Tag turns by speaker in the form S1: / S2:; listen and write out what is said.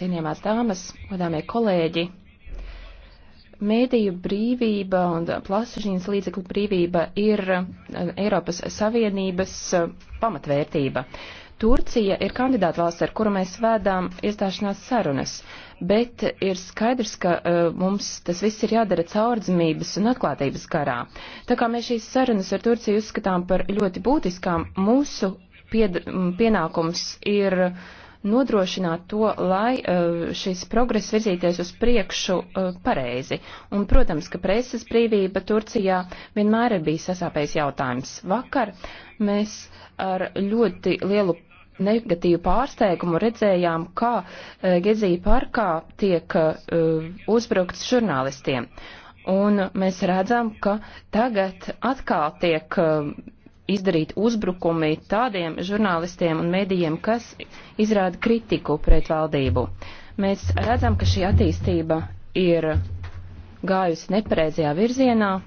S1: cienījamās dāmas, godāmie kolēģi, mēdīju brīvība un plasažiņas līdzekļu brīvība ir eh, Eiropas Savienības eh, pamatvērtība. Turcija ir kandidāta valsts, ar kuru mēs vēdām iestāšanās sarunas, bet ir skaidrs, ka uh, mums tas viss ir jādara caurdzimības un atklātības garā. Tā kā mēs šīs sarunas ar Turciju uzskatām par ļoti būtiskām, mūsu pied, pienākums ir uh, nodrošināt to, lai e, šis progress virzīties uz priekšu e, pareizi. Un, protams, ka preses brīvība Turcijā vienmēr ir bijis sasāpējis jautājums. Vakar mēs ar ļoti lielu negatīvu pārsteigumu redzējām, kā e, Gezija parkā tiek uzbrukts žurnālistiem. Un mēs redzam, ka tagad atkal tiek izdarīt uzbrukumi tādiem žurnālistiem un mēdījiem, kas izrāda kritiku pret valdību. Mēs redzam, ka šī attīstība ir gājusi nepareizajā virzienā,